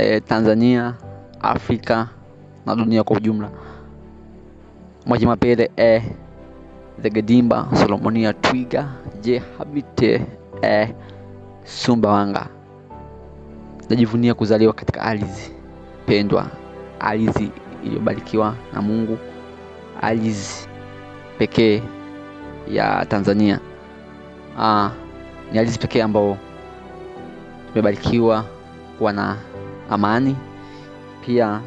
eh, Tanzania, Afrika na dunia kwa ujumla. Mwaji Mapele eh, Zegedimba, Solomonia Twiga, Je Habite eh, Sumbawanga. Najivunia kuzaliwa katika ardhi pendwa, ardhi iliyobarikiwa na Mungu, ardhi pekee ya Tanzania. ah, ni ardhi pekee ambayo tumebarikiwa kuwa na amani, pia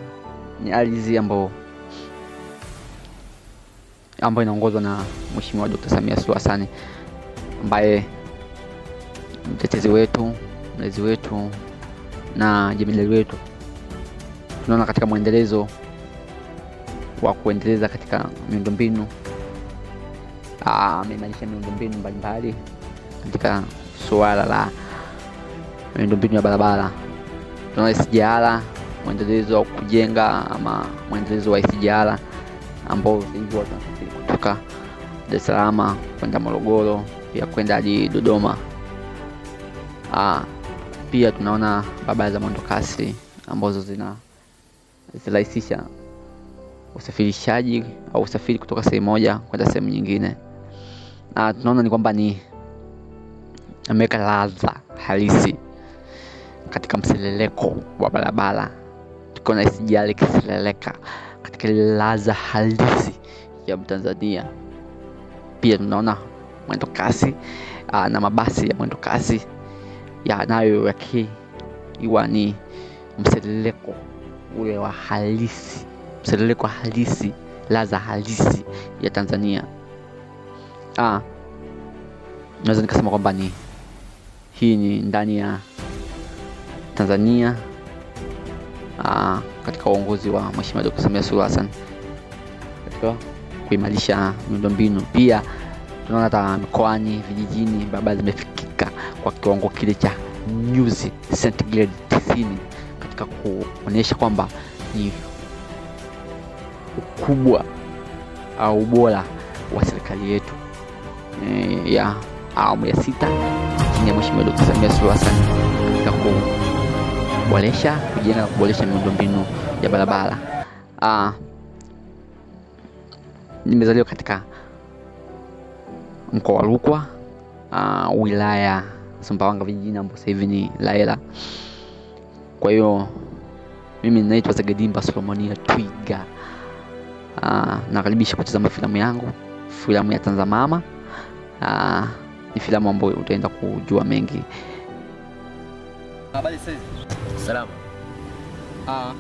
ni ardhi ambayo ambayo inaongozwa na Mheshimiwa Dr. Samia sulu hasani ambaye mtetezi wetu, mlezi wetu na jemedari wetu. Tunaona katika mwendelezo wa kuendeleza katika miundombinu, ah, ameimarisha miundombinu mbalimbali katika suala la miundombinu ya barabara tunao sijara mwendelezo wa kujenga ama mwendelezo wa sijara ambao vingi watu kutoka Dar es Salaam kwenda Morogoro pia kwenda hadi Dodoma. Aa, ah, pia tunaona barabara za mwendokasi ambazo zirahisisha usafirishaji au usafiri kutoka sehemu moja kwenda sehemu nyingine. na ah, tunaona ni kwamba ni ameweka ladha halisi katika mseleleko wa barabara tuko na sijali ikiseleleka katika laza halisi ya mtanzania pia tunaona mwendo kasi aa, ah, na mabasi ya mwendo kasi yanayo yakiwa ni mseleleko ule wa halisi mseleleko halisi laza halisi ya tanzania ah, naweza nikasema kwamba ni hii ni ndani ya Tanzania aa, ah, katika uongozi wa Mheshimiwa Dkt. Samia Suluhu Hassan katika kuimarisha miundombinu. Pia tunaona hata mikoani, vijijini barabara zimefikika kwa kiwango kile cha nyuzi sentigredi tisini katika kuonyesha kwamba ni ukubwa au ubora wa serikali yetu e, ya awamu ya sita chini ya Mheshimiwa Dkt. Samia Suluhu Hassan katika kuboresha kujenga na kuboresha miundombinu ya barabara. Uh, nimezaliwa katika mkoa wa Rukwa, uh, wilaya Sumbawanga vijijini ambapo sasa hivi ni Laela. Kwa hiyo mimi naitwa Zagedimba Solomonia Twiga. Uh, nakaribisha kutazama filamu yangu, filamu ya Tanzamama. Uh, ni filamu ambayo utaenda kujua mengi Habari sasa. Salama. Ah.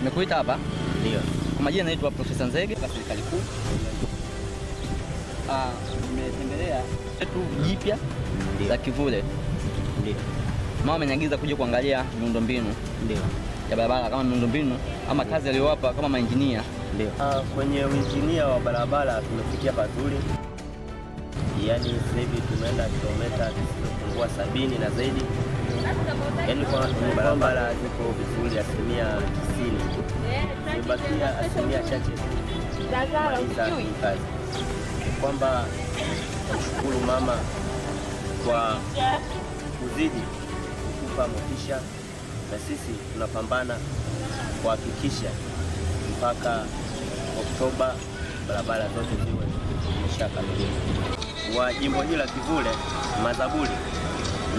Nimekuita hapa? Ndio. Kwa majina naitwa Profesa Nzege wa serikali kuu. Ah, nimetembelea letu jipya la Kivule. Ndio. Mama ameniagiza kuja kuangalia miundombinu. Ndio. Ya barabara kama miundombinu ama kazi aliyowapa kama mainjinia. Ndio. Ah, kwenye uinjinia wa barabara tumefikia pazuri yani sasa hivi tumeenda kilomita zisizopungua sabini na zaidi, yani barabara ziko vizuri asilimia tisini, imebakia asilimia chache kazi. Kwamba namshukuru mama kwa kuzidi kutupa motisha, na sisi tunapambana kuhakikisha mpaka Oktoba barabara zote ziwe zimeshakamilika wa jimbo hili la Kivule Mazabuli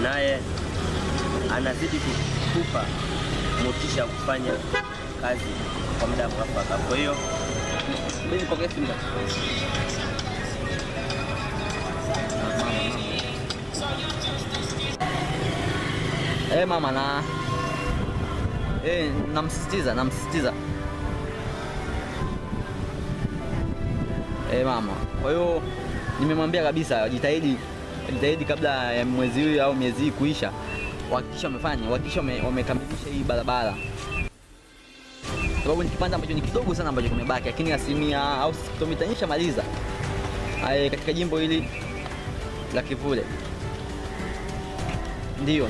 naye anazidi kukupa motisha kufanya kazi kwa muda mwafaka. Kwa hiyo mimi kwa kesi muda Eh, mama na eh, namsisitiza namsisitiza eh, mama. Kwa hiyo nimemwambia kabisa jitahidi jitahidi kabla ya mwezi huu au miezi hii kuisha wahakikisha wamefanya wahakikisha wamekamilisha hii barabara sababu ni kipande ambacho ni kidogo sana ambacho kimebaki lakini asilimia au kilomita maliza Ae, eh, katika jimbo hili la Kivule ndio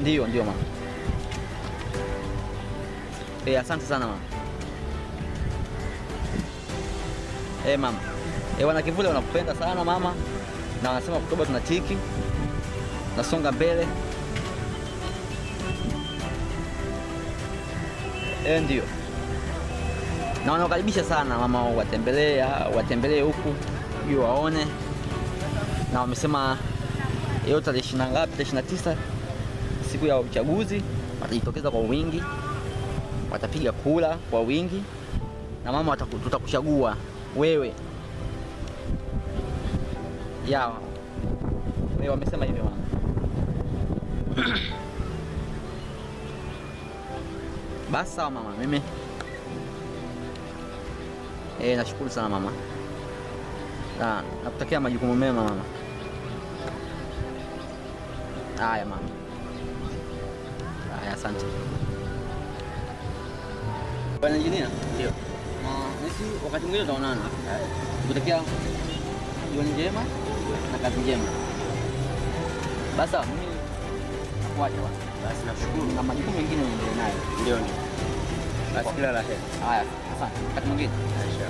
ndio ndio mama e, asante sana mama e, mama E, eh, wana Kivule wanakupenda sana mama, na wanasema Oktoba tunatiki, nasonga mbele. E, ndio na wanaokaribisha sana mama, watembelee ah, watembelee huku ili waone, na wamesema hiyo tarehe ishirini na ngapi, tarehe tisa, siku ya uchaguzi watajitokeza kwa wingi, watapiga kura kwa wingi, na mama tutakuchagua wewe ya wamesema hivyo basi sawa mama mimi e, nashukuru sana mama na, nakutakia majukumu mema mama haya mama haya asante bwana injinia ndio nasi wakati mwingine utaonana kutakia jioni njema na kazi njema. Basi mimi nakuacha bwana. Basi nashukuru. Na majukumu mengine uendelee nayo. Ndio. Basi kila la heri. Haya, asante. Wakati mwingine.